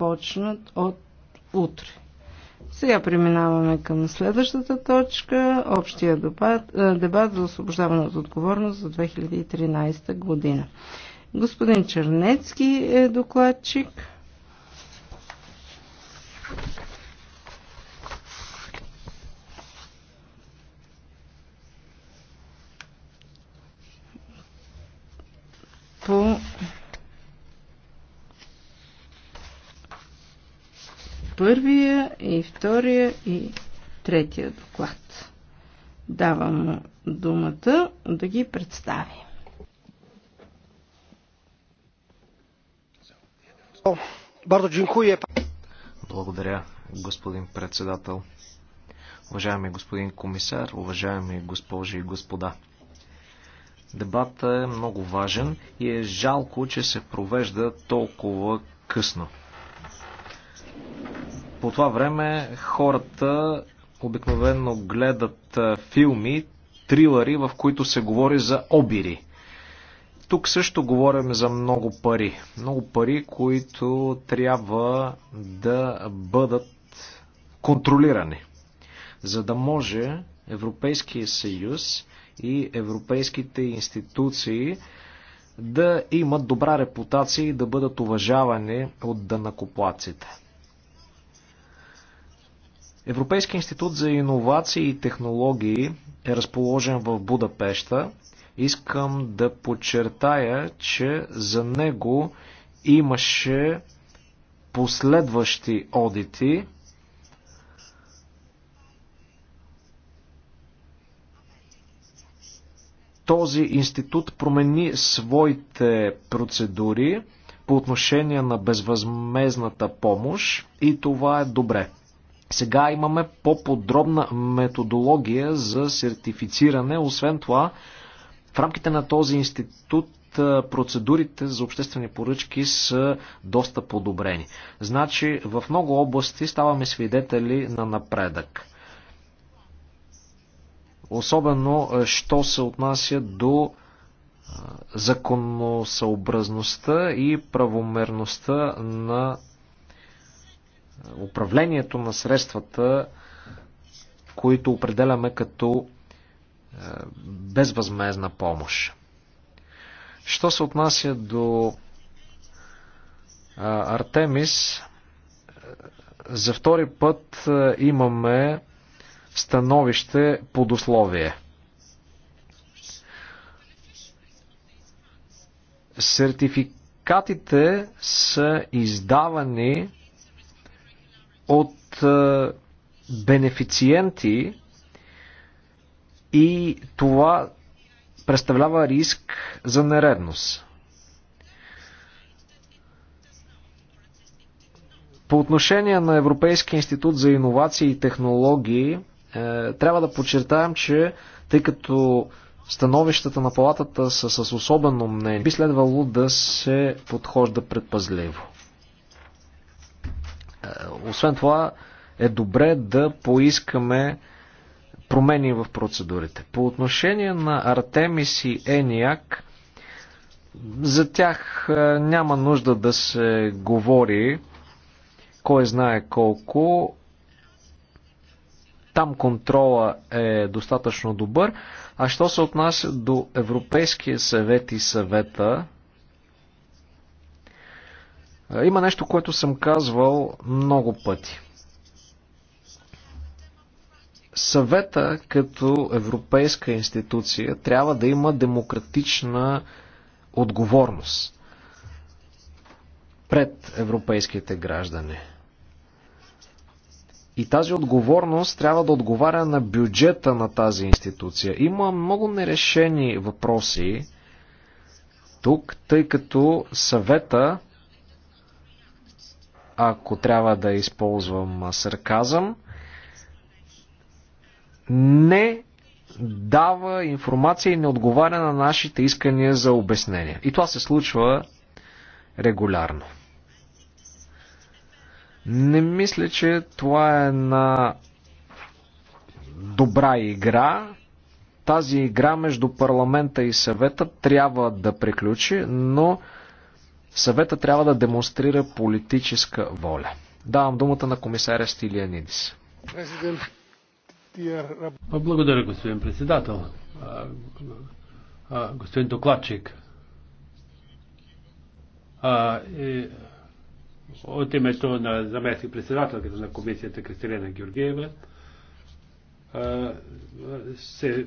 започнат от утре. Сега преминаваме към следващата точка – общия дебат, дебат за освобождаване от отговорност за 2013 година. Господин Чернецки е докладчик. първия, и втория, и третия доклад. Давам му думата да ги представи. Благодаря, господин председател. Уважаеми господин комисар, уважаеми госпожи и господа. Дебатът е много важен и е жалко, че се провежда толкова късно. По това време хората обикновено гледат е, филми, трилъри, в които се говори за обири. Тук също говорим за много пари. Много пари, които трябва да бъдат контролирани, за да може Европейския съюз и европейските институции да имат добра репутация и да бъдат уважавани от данакоплаците. Европейски институт за иновации и технологии е разположен в Будапешта. Искам да подчертая, че за него имаше последващи одити. Този институт промени своите процедури по отношение на безвъзмезната помощ и това е добре. Сега имаме по-подробна методология за сертифициране. Освен това, в рамките на този институт процедурите за обществени поръчки са доста подобрени. Значи в много области ставаме свидетели на напредък. Особено, що се отнася до законосъобразността и правомерността на управлението на средствата, които определяме като е, безвъзмезна помощ. Що се отнася до е, Артемис, за втори път е, имаме становище под условие. Сертификатите са издавани от е, бенефициенти и това представлява риск за нередност. По отношение на Европейския институт за иновации и технологии, е, трябва да подчертаем, че тъй като становищата на палатата са с особено мнение, би следвало да се подхожда предпазливо. Освен това е добре да поискаме промени в процедурите. По отношение на Артемис и Ениак, за тях е, няма нужда да се говори кой знае колко. Там контрола е достатъчно добър. А що се отнася до Европейския съвет и съвета, има нещо, което съм казвал много пъти. Съвета като европейска институция трябва да има демократична отговорност пред европейските граждани. И тази отговорност трябва да отговаря на бюджета на тази институция. Има много нерешени въпроси тук, тъй като съвета ако трябва да използвам сарказъм, не дава информация и не отговаря на нашите искания за обяснения. И това се случва регулярно. Не мисля, че това е на добра игра. Тази игра между парламента и съвета трябва да приключи, но Съвета трябва да демонстрира политическа воля. Давам думата на комисаря Стилианидис. Благодаря, господин председател. Господин докладчик. От името на заместник председателката на комисията Кристилена Георгиева се е,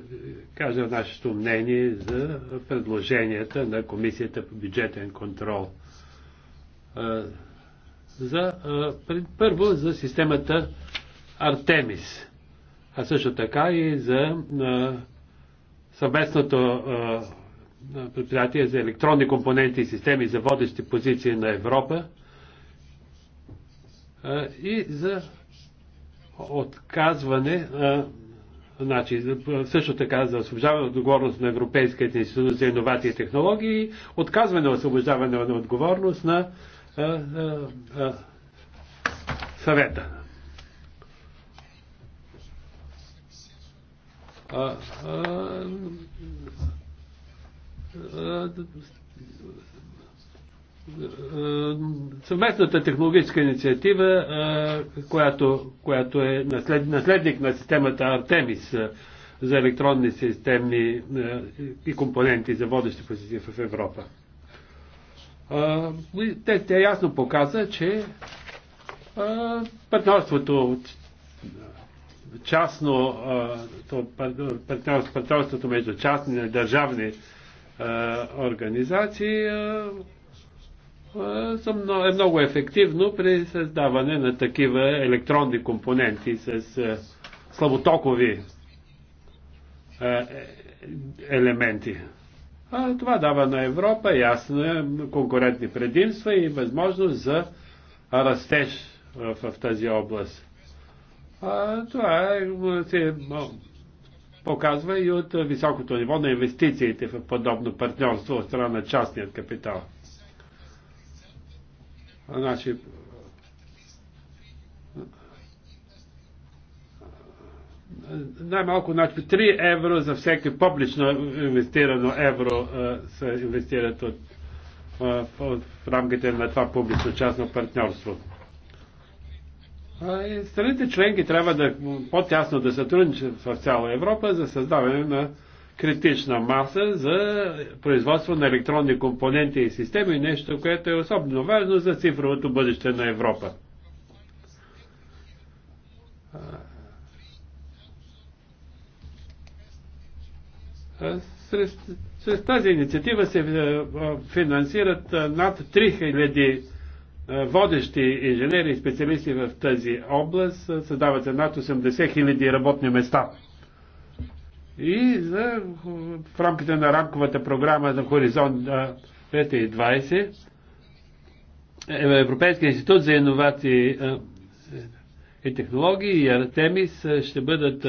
каже нашето мнение за предложенията на Комисията по бюджетен контрол. Е, за, е, първо за системата Артемис, а също така и за съвместното предприятие за електронни компоненти и системи за водещи позиции на Европа и за отказване Значи, също така за освобождаване отговорност на Европейската институт за иновации и технологии, отказване от освобождаване на отговорност на а, а, а, съвета. А, а, а, е, е, съвместната технологическа инициатива, е, която, която е наслед, наследник на системата Артемис за електронни системни и компоненти за водещи позиции в Европа. Те, те ясно показа, че партньорството частно, партньорството между частни и държавни организации е, е много ефективно при създаване на такива електронни компоненти с е, слаботокови е, елементи. А това дава на Европа ясно, конкурентни предимства и възможност за растеж в тази област. А, това се показва и от високото ниво на инвестициите в подобно партньорство от страна на частният капитал. Значи, най-малко значи 3 евро за всеки публично инвестирано евро а, се инвестират от, а, в рамките на това публично-частно партньорство. А, И страните членки трябва да по-тясно да сътрудничат в цяла Европа за създаване на критична маса за производство на електронни компоненти и системи, нещо, което е особено важно за цифровото бъдеще на Европа. Чрез тази инициатива се финансират над 3000 водещи инженери и специалисти в тази област. Създават се над 80 000 работни места и за, в рамките на рамковата програма за Хоризонт 2020 е, е, Европейския институт за иновации и технологии и Артемис ще бъдат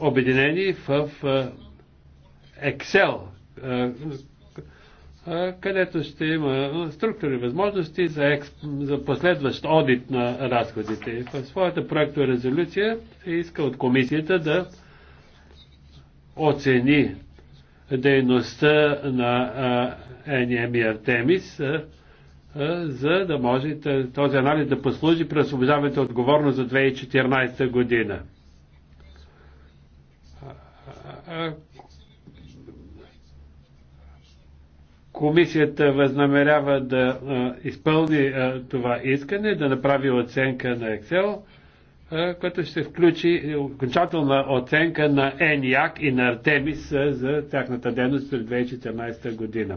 обединени в Excel където ще има структури възможности за, експ... за последващ одит на разходите. В своята проекта резолюция се иска от комисията да оцени дейността на НМ и Артемис, за да може този анализ да послужи при освобождаването отговорност за 2014 година Комисията възнамерява да изпълни това искане, да направи оценка на Excel, което ще включи е, окончателна оценка на ЕНИАК и на Артемис за тяхната дейност през 2014 година.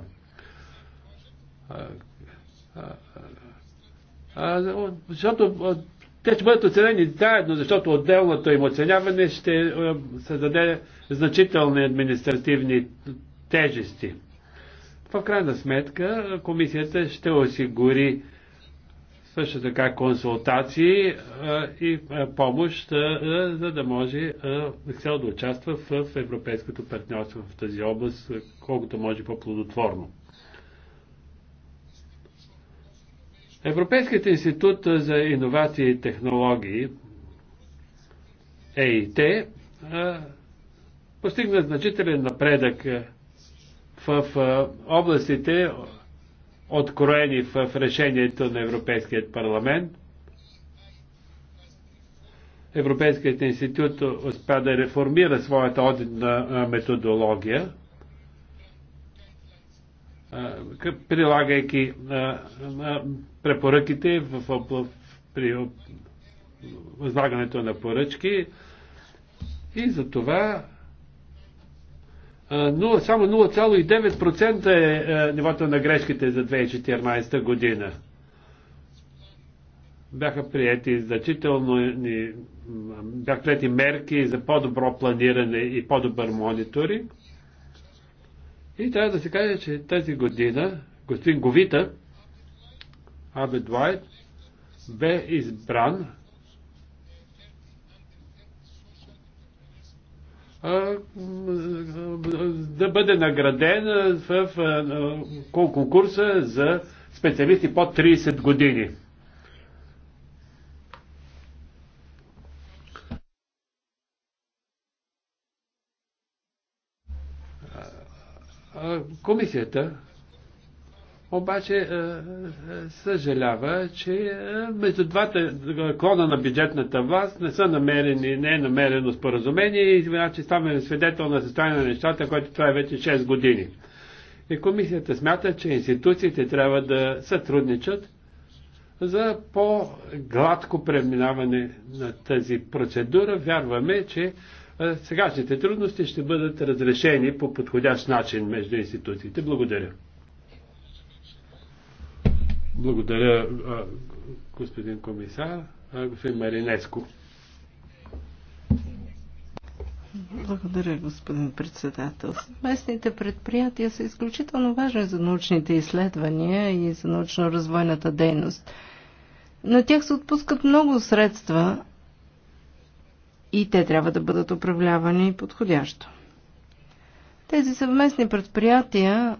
Защото те ще бъдат оценени заедно, защото отделното им оценяване ще създаде значителни административни тежести. В крайна сметка комисията ще осигури също така консултации и помощ, за да може Excel да участва в европейското партньорство в тази област, колкото може по-плодотворно. Европейският институт за иновации и технологии ЕИТ постигна значителен напредък в областите, откроени в решението на Европейският парламент. Европейският институт успя да реформира своята одитна методология, прилагайки препоръките в, при възлагането на поръчки и за това 0, само 0,9% е, е, нивото на грешките за 2014 година. Бяха прияти значително бяха приети мерки за по-добро планиране и по-добър мониторинг. И трябва да се каже, че тази година господин Говита Абе Дуайт бе избран да бъде награден в конкурса за специалисти под 30 години. Комисията обаче е, е, съжалява, че е, между двата клона на бюджетната власт не са намерени, не е намерено споразумение и значи ставаме свидетел на състояние на нещата, което това е вече 6 години. И комисията смята, че институциите трябва да сътрудничат за по-гладко преминаване на тази процедура. Вярваме, че сегашните трудности ще бъдат разрешени по подходящ начин между институциите. Благодаря. Благодаря, господин комисар. Господин Маринеско. Благодаря, господин председател. Местните предприятия са изключително важни за научните изследвания и за научно-развойната дейност. На тях се отпускат много средства и те трябва да бъдат управлявани подходящо. Тези съвместни предприятия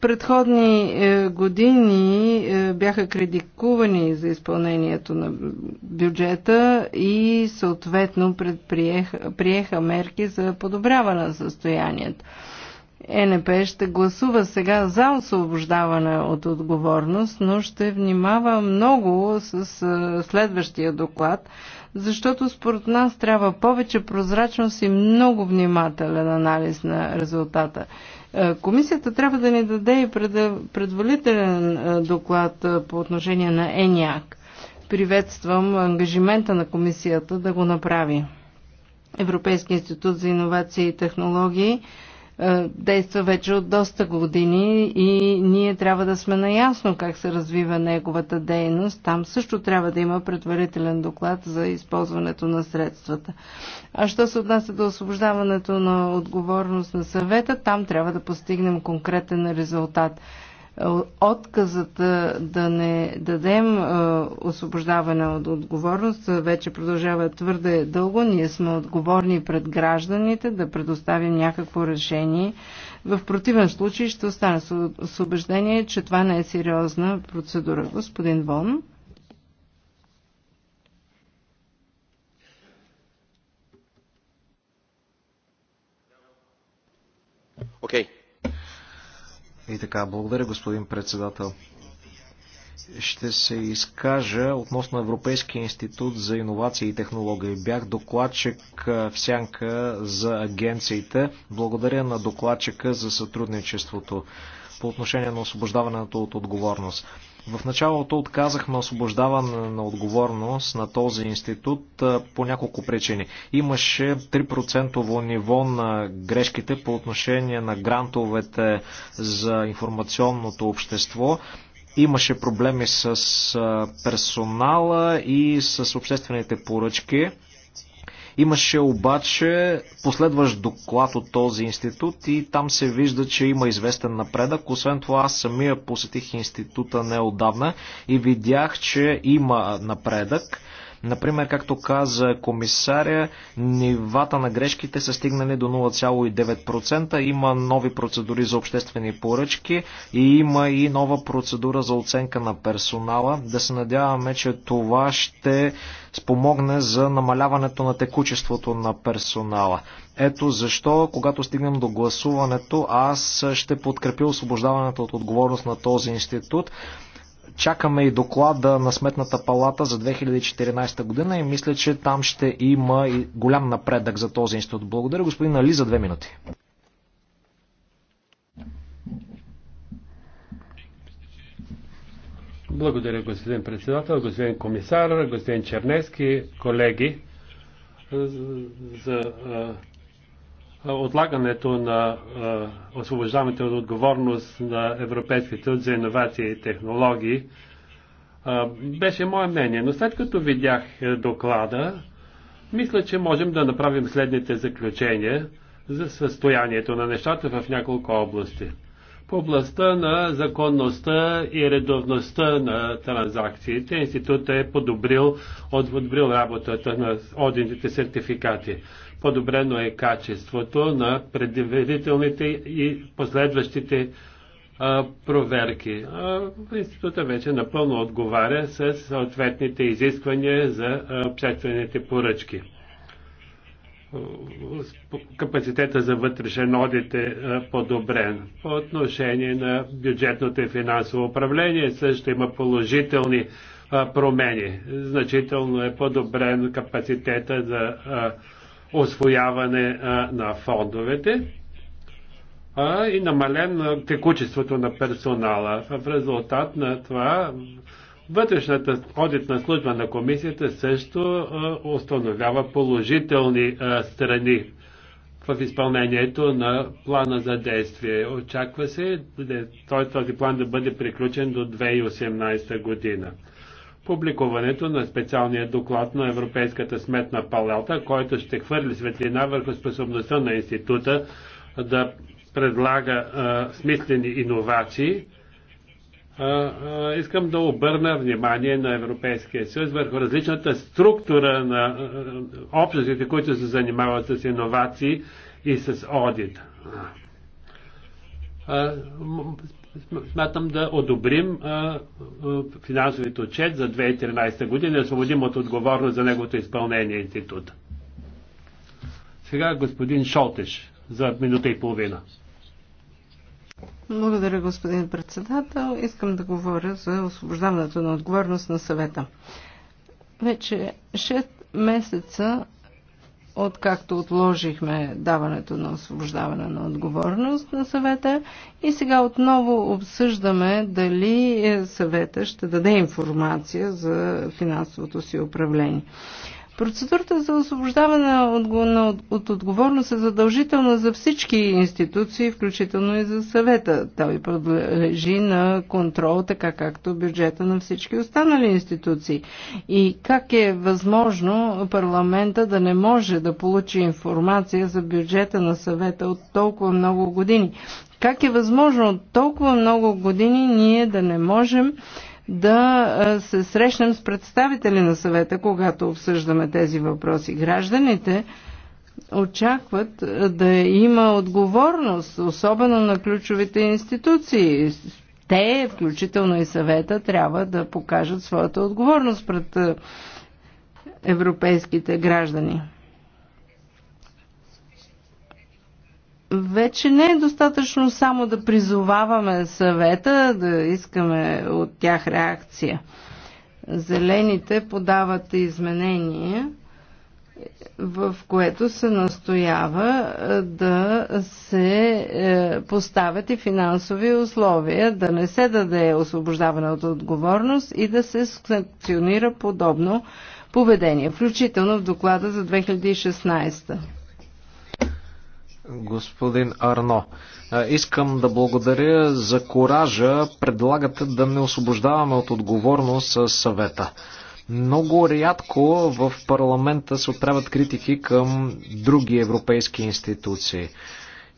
предходни е, години е, бяха критикувани за изпълнението на бюджета и съответно приеха мерки за подобряване на състоянието. ЕНП ще гласува сега за освобождаване от отговорност, но ще внимава много с е, следващия доклад, защото според нас трябва повече прозрачност и много внимателен анализ на резултата. Е, комисията трябва да ни даде и предварителен е, доклад е, по отношение на ЕНИАК. Приветствам ангажимента на комисията да го направи. Европейския институт за иновации и технологии е, действа вече от доста години и ние трябва да сме наясно как се развива неговата дейност. Там също трябва да има предварителен доклад за използването на средствата. А що се отнася до освобождаването на отговорност на съвета, там трябва да постигнем конкретен резултат. Отказът да не дадем е, освобождаване от отговорност вече продължава твърде дълго. Ние сме отговорни пред гражданите да предоставим някакво решение. В противен случай ще остане с убеждение, че това не е сериозна процедура. Господин Вон. Okay. И така, благодаря господин председател. Ще се изкажа относно Европейския институт за иновации и технологии. Бях докладчик в сянка за агенциите. Благодаря на докладчика за сътрудничеството по отношение на освобождаването от отговорност. В началото отказахме освобождаване на отговорност на този институт по няколко причини. Имаше 3% ниво на грешките по отношение на грантовете за информационното общество. Имаше проблеми с персонала и с обществените поръчки. Имаше обаче последващ доклад от този институт и там се вижда, че има известен напредък. Освен това, аз самия посетих института неодавна и видях, че има напредък. Например, както каза комисаря, нивата на грешките са стигнали до 0,9%. Има нови процедури за обществени поръчки и има и нова процедура за оценка на персонала. Да се надяваме, че това ще спомогне за намаляването на текучеството на персонала. Ето защо, когато стигнем до гласуването, аз ще подкрепя освобождаването от отговорност на този институт. Чакаме и доклада на Сметната палата за 2014 година и мисля, че там ще има и голям напредък за този институт. Благодаря, господин Али, за две минути. Благодаря, господин председател, господин комисар, господин Чернески, колеги, за, за отлагането на освобождаването от отговорност на Европейските за иновации и технологии беше мое мнение. Но след като видях е, доклада, мисля, че можем да направим следните заключения за състоянието на нещата в няколко области. В областта на законността и редовността на транзакциите институтът е подобрил, отводбрил работата на одитните сертификати подобрено е качеството на предварителните и последващите а, проверки. А, института вече напълно отговаря с съответните изисквания за обществените поръчки. Капацитета за вътрешен одит е подобрен. По отношение на бюджетното и финансово управление също има положителни промени. Значително е подобрен капацитета за освояване на фондовете и намален текучеството на персонала. В резултат на това вътрешната одитна служба на комисията също установява положителни страни в изпълнението на плана за действие. Очаква се този план да бъде приключен до 2018 година публикуването на специалния доклад на Европейската сметна палата, който ще хвърли светлина върху способността на института да предлага а, смислени иновации. А, а, искам да обърна внимание на Европейския съюз върху различната структура на обществите, които се занимават с иновации и с одит. А, смятам да одобрим финансовите отчет за 2013 година и освободим от отговорност за неговото изпълнение института. Сега господин Шолтеш за минута и половина. Благодаря, господин председател. Искам да говоря за освобождаването на отговорност на съвета. Вече 6 месеца откакто отложихме даването на освобождаване на отговорност на съвета и сега отново обсъждаме дали е, съвета ще даде информация за финансовото си управление. Процедурата за освобождаване от отговорност е задължителна за всички институции, включително и за съвета. Той подлежи на контрол, така както бюджета на всички останали институции. И как е възможно парламента да не може да получи информация за бюджета на съвета от толкова много години? Как е възможно от толкова много години ние да не можем да се срещнем с представители на съвета, когато обсъждаме тези въпроси. Гражданите очакват да има отговорност, особено на ключовите институции. Те, включително и съвета, трябва да покажат своята отговорност пред европейските граждани. вече не е достатъчно само да призоваваме съвета, да искаме от тях реакция. Зелените подават изменения, в което се настоява е, да се е, поставят и финансови условия, да не се даде освобождаване от отговорност и да се санкционира подобно поведение, включително в доклада за 2016 господин Арно. Искам да благодаря за коража. Предлагате да не освобождаваме от отговорност съвета. Много рядко в парламента се отправят критики към други европейски институции.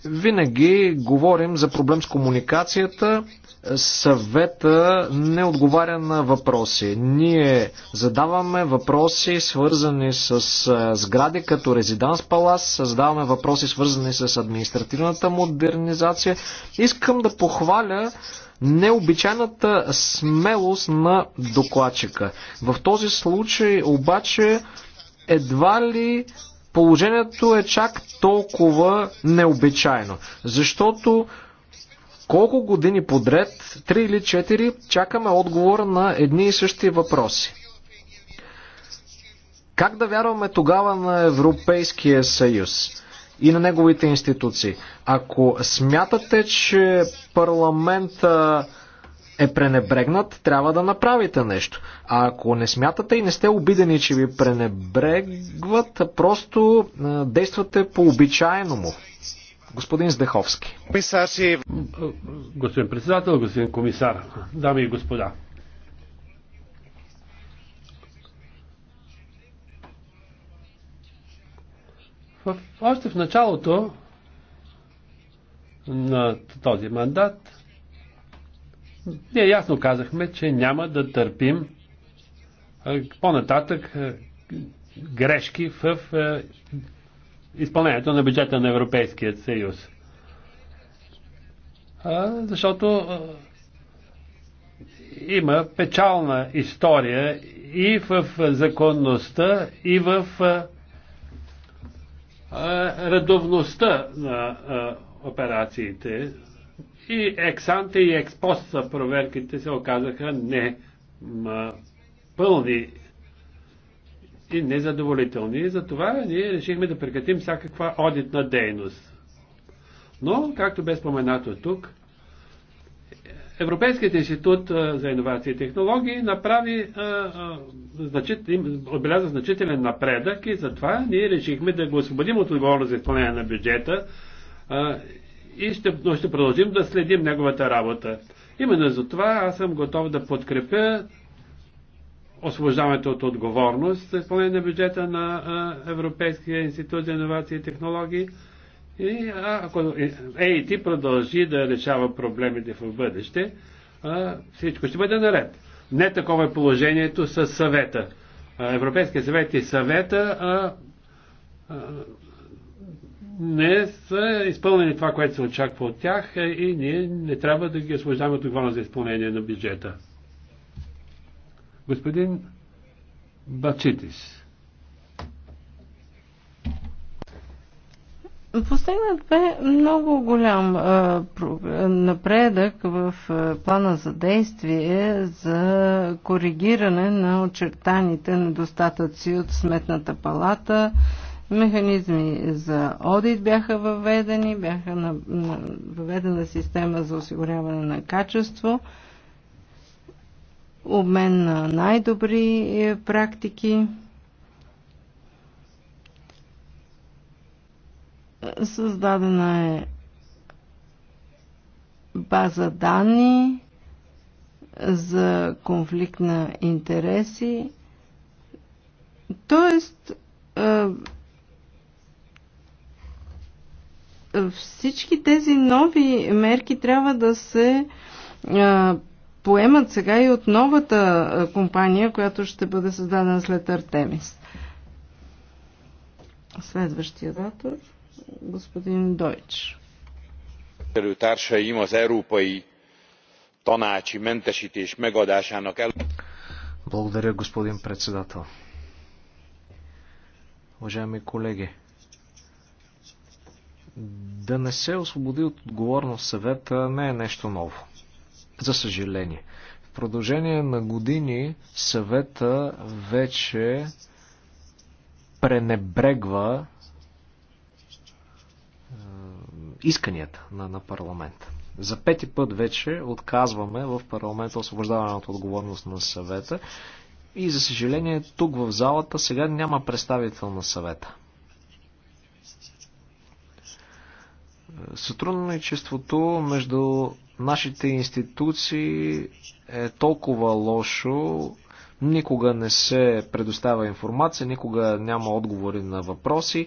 Винаги говорим за проблем с комуникацията, съвета не отговаря на въпроси. Ние задаваме въпроси, свързани с сгради като резиданс палас, създаваме въпроси, свързани с административната модернизация. Искам да похваля необичайната смелост на докладчика. В този случай обаче едва ли положението е чак толкова необичайно. Защото колко години подред, 3 или 4, чакаме отговор на едни и същи въпроси. Как да вярваме тогава на Европейския съюз и на неговите институции? Ако смятате, че парламента е пренебрегнат, трябва да направите нещо. А ако не смятате и не сте обидени, че ви пренебрегват, просто действате по обичайно му. Господин Здеховски. Господин председател, господин комисар, дами и господа. В, още в началото на този мандат ние ясно казахме, че няма да търпим по-нататък грешки в изпълнението на бюджета на Европейския съюз. Защото има печална история и в законността, и в редовността на операциите и ексанте и експост проверките се оказаха не ма, пълни и незадоволителни. И затова ние решихме да прекратим всякаква одитна дейност. Но, както бе споменато тук, Европейският институт за иновации и технологии направи, а, а, значит, отбеляза значителен напредък и затова ние решихме да го освободим от отговорност за изпълнение на бюджета а, и ще, но ще продължим да следим неговата работа. Именно за това аз съм готов да подкрепя освобождаването от отговорност за изпълнение на бюджета на Европейския институт за инновации и технологии. И ако AIT продължи да решава проблемите в бъдеще, всичко ще бъде наред. Не такова е положението с съвета. Европейския съвет и съвета не са изпълнени това, което се очаква от тях е, и ние не трябва да ги освобождаваме от отговорност за изпълнение на бюджета. Господин Бачитис. Постигнат бе много голям а, напредък в а, плана за действие за коригиране на очертаните недостатъци от Сметната палата, Механизми за одит бяха въведени, бяха на, на, въведена система за осигуряване на качество, обмен на най-добри е, практики. Създадена е база данни за конфликт на интереси. Тоест, е, всички тези нови мерки трябва да се поемат сега и от новата компания, която ще бъде създадена след Артемис. Следващият оратор, господин Дойч. Благодаря, господин председател. Уважаеми колеги, да не се освободи от отговорност съвета не е нещо ново. За съжаление. В продължение на години съвета вече пренебрегва е, исканията на, на парламента. За пети път вече отказваме в парламента освобождаване от отговорност на съвета и за съжаление тук в залата сега няма представител на съвета. Сътрудничеството между нашите институции е толкова лошо, никога не се предоставя информация, никога няма отговори на въпроси.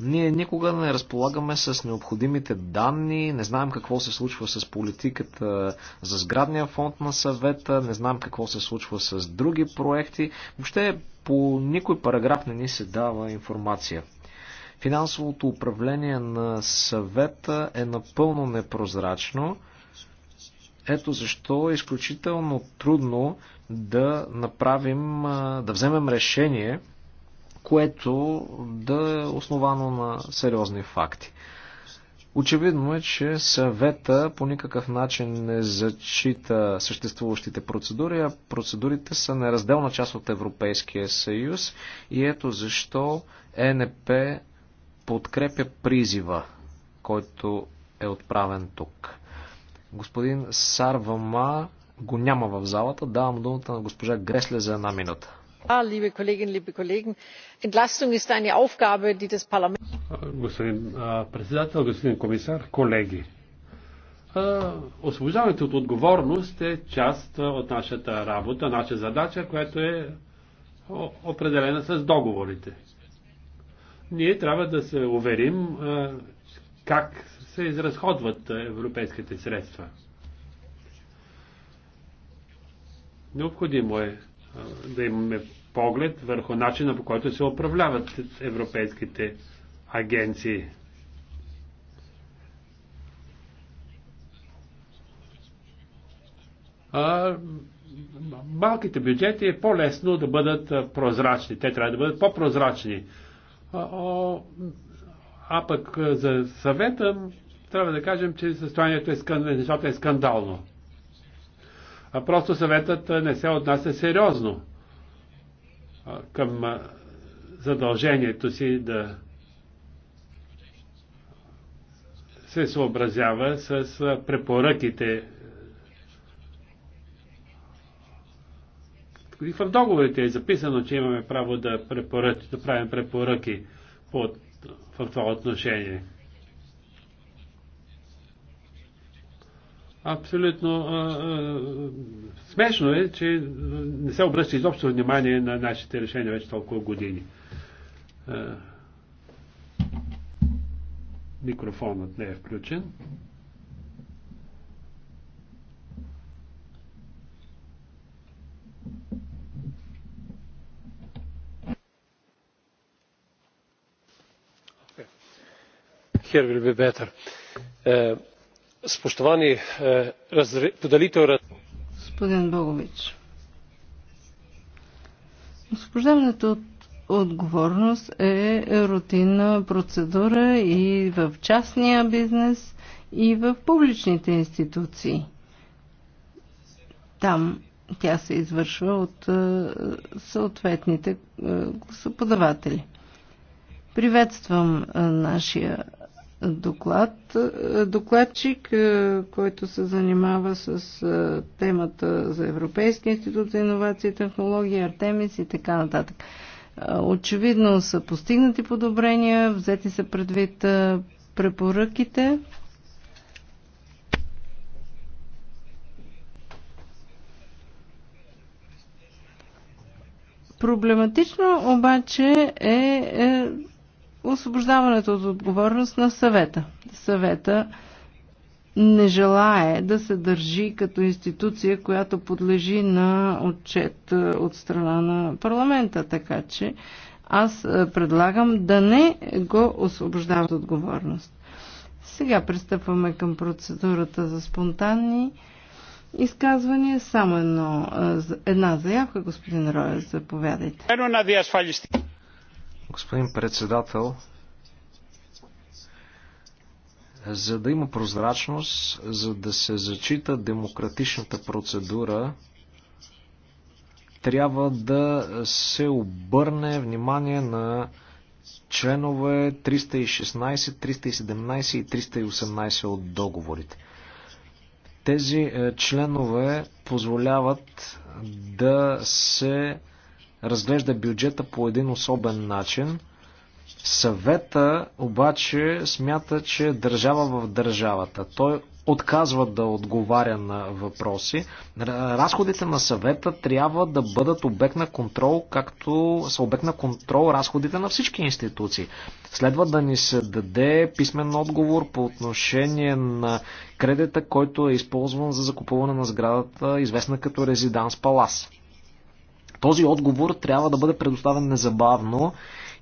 Ние никога не разполагаме с необходимите данни, не знаем какво се случва с политиката за сградния фонд на съвета, не знаем какво се случва с други проекти. Въобще по никой параграф не ни се дава информация. Финансовото управление на съвета е напълно непрозрачно. Ето защо е изключително трудно да направим, да вземем решение, което да е основано на сериозни факти. Очевидно е, че съвета по никакъв начин не зачита съществуващите процедури, а процедурите са неразделна част от Европейския съюз и ето защо ЕНП подкрепя призива, който е отправен тук. Господин Сарвама го няма в залата. Давам думата на госпожа Гресле за една минута. Господин председател, господин комисар, колеги. Освобождаването от отговорност е част от нашата работа, наша задача, която е определена с договорите ние трябва да се уверим как се изразходват европейските средства. Необходимо е да имаме поглед върху начина по който се управляват европейските агенции. А, малките бюджети е по-лесно да бъдат прозрачни. Те трябва да бъдат по-прозрачни О, а пък е, за съвета трябва да кажем, че състоянието е, нещата е скандално. А просто съветът е, не се отнася сериозно е, към задължението си да се съобразява с препоръките И в договорите е записано, че имаме право да, препоръч, да правим препоръки под, в това отношение. Абсолютно а, а, смешно е, че не се обръща изобщо внимание на нашите решения вече толкова години. А, микрофонът не е включен. here will be better. Spoštovani, е, podelitev. Е, Господин Богович, освобождаването от отговорност е рутинна процедура и в частния бизнес, и в публичните институции. Там тя се извършва от е, съответните гласоподаватели. Приветствам нашия доклад, е, докладчик, е, който се занимава с е, темата за Европейския институт за инновации и технологии, Артемис и така нататък. Очевидно са постигнати подобрения, взети са предвид препоръките. Проблематично обаче е, е освобождаването от отговорност на съвета. Съвета не желае да се държи като институция, която подлежи на отчет е, от страна на парламента, така че аз е, предлагам да не го освобождават отговорност. Сега пристъпваме към процедурата за спонтанни изказвания. Само едно, е, една заявка, господин Роя, заповядайте. Господин председател, за да има прозрачност, за да се зачита демократичната процедура, трябва да се обърне внимание на членове 316, 317 и 318 от договорите. Тези е, членове позволяват да се разглежда бюджета по един особен начин. Съвета обаче смята, че е държава в държавата. Той отказва да отговаря на въпроси. Разходите на съвета трябва да бъдат обект на контрол, както са обект на контрол разходите на всички институции. Следва да ни се даде писмен отговор по отношение на кредита, който е използван за закупуване на сградата, известна като Резиданс Палас. Този отговор трябва да бъде предоставен незабавно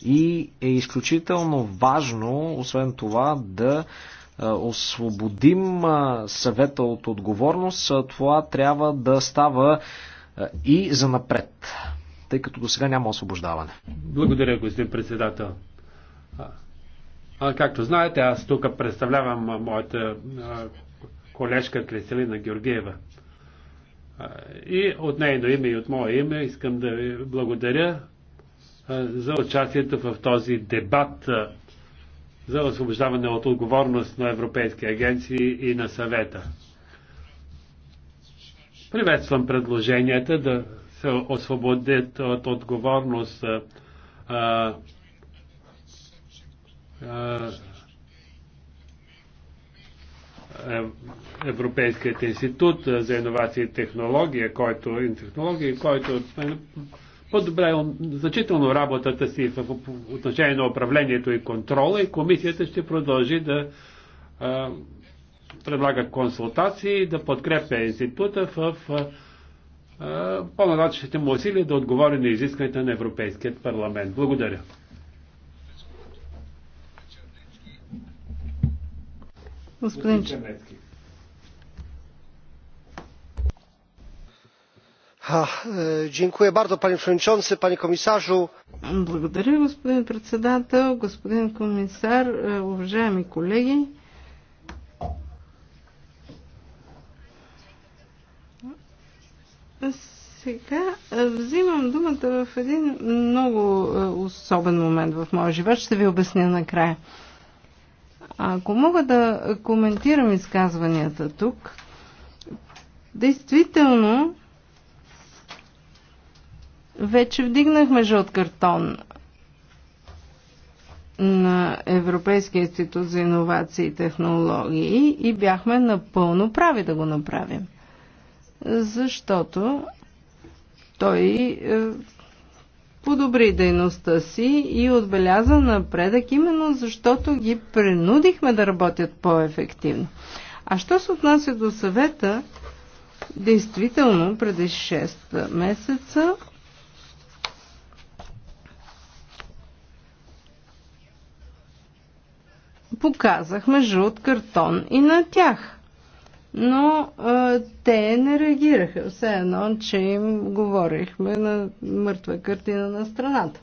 и е изключително важно, освен това, да освободим съвета от отговорност. Това трябва да става и за напред, тъй като до сега няма освобождаване. Благодаря, господин председател. А, както знаете, аз тук представлявам моята колежка Кристелина Георгиева. И от нейно име и от мое име искам да ви благодаря за участието в този дебат за освобождаване от отговорност на европейски агенции и на съвета. Приветствам предложенията да се освободят от отговорност а, а, е, Европейският институт е, за иновации и технология, който, и технология, който е, подобре значително работата си в отношение на управлението и контрола и комисията ще продължи да предлага консултации и да подкрепя института в по надачните му усилия да отговори на изискването на Европейският парламент. Благодаря. Господин Чернецки. E, Благодаря, господин председател, господин комисар, е, уважаеми колеги. Сега е, взимам думата в един много е, особен момент в моя живот. Ще ви обясня накрая. Ако мога да коментирам изказванията тук, действително вече вдигнахме жълт картон на Европейския институт за иновации и технологии и бяхме напълно прави да го направим. Защото той е, подобри дейността си и отбеляза напредък, именно защото ги принудихме да работят по-ефективно. А що се отнася до съвета, действително преди 6 месеца показахме жълт картон и на тях но а, те не реагираха. Все едно, че им говорихме на мъртва картина на страната.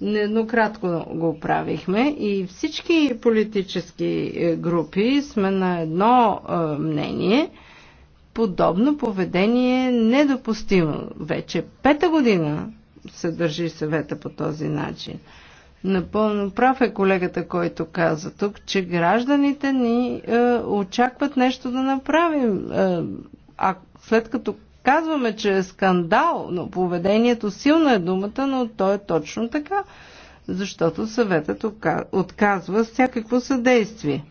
Нееднократно го правихме и всички политически е, групи сме на едно а, е, мнение. Подобно поведение е недопустимо. Вече пета година се държи съвета по този начин. Напълно прав е колегата, който каза тук, че гражданите ни е, очакват нещо да направим. Е, а след като казваме, че е скандал, но поведението силно е думата, но то е точно така, защото съветът отказва всякакво съдействие.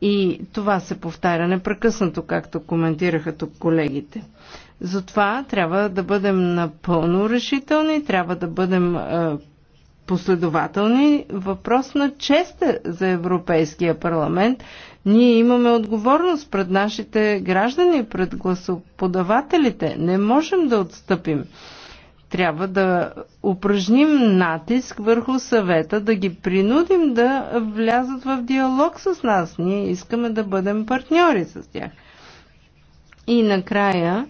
И това се повтаря непрекъснато, както коментираха тук колегите. Затова трябва да бъдем напълно решителни, трябва да бъдем е, последователни. Въпрос на честа за Европейския парламент. Ние имаме отговорност пред нашите граждани, пред гласоподавателите. Не можем да отстъпим. Трябва да упражним натиск върху съвета, да ги принудим да влязат в диалог с нас. Ние искаме да бъдем партньори с тях. И накрая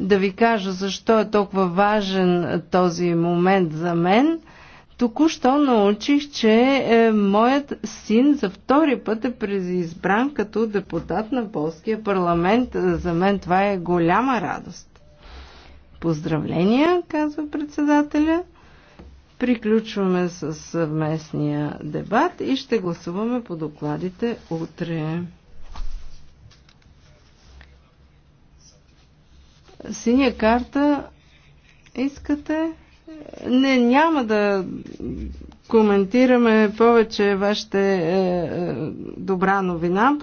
да ви кажа защо е толкова важен този момент за мен – Току-що научих, че е, моят син за втори път е преизбран като депутат на полския парламент. За мен това е голяма радост. Поздравления, казва председателя. Приключваме с съвместния дебат и ще гласуваме по докладите утре. Синя карта искате? Не, няма да коментираме повече вашата е, е, добра новина.